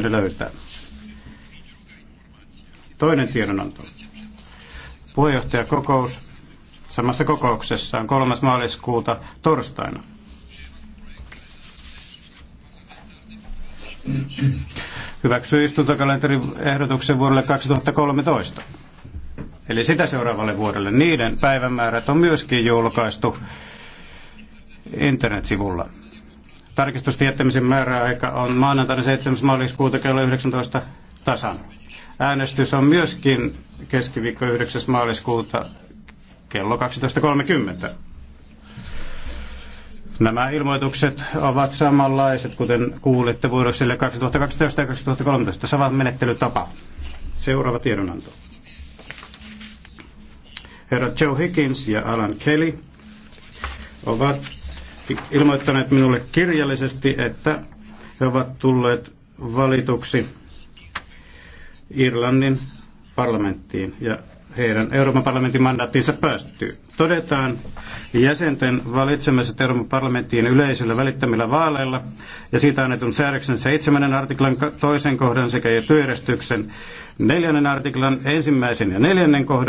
ne löytää. Toinen tiedonanto. Puheenjohtajakokous samassa kokouksessa on 3. maaliskuuta torstaina. Hyväksyy istuntokalenterin ehdotuksen vuodelle 2013. Eli sitä seuraavalle vuodelle. Niiden päivämäärät on myöskin julkaistu internetsivulla. Tarkistusten määräaika on maanantaina 7. maaliskuuta kello 19 tasan. Äänestys on myöskin keskiviikko 9. maaliskuuta kello 12.30. Nämä ilmoitukset ovat samanlaiset, kuten kuulitte vuodoksille 2012 ja 2013. Sama menettelytapa. Seuraava tiedonanto. Herra Joe Higgins ja Alan Kelly ovat ilmoittaneet minulle kirjallisesti, että he ovat tulleet valituksi Irlannin parlamenttiin ja heidän Euroopan parlamentin mandaattiinsa päästyy. Todetaan jäsenten valitsemiset Euroopan parlamenttiin yleisillä välittämillä vaaleilla ja siitä annetun säädöksen 7. artiklan toisen kohdan sekä työjärjestyksen neljännen artiklan ensimmäisen ja neljännen kohdan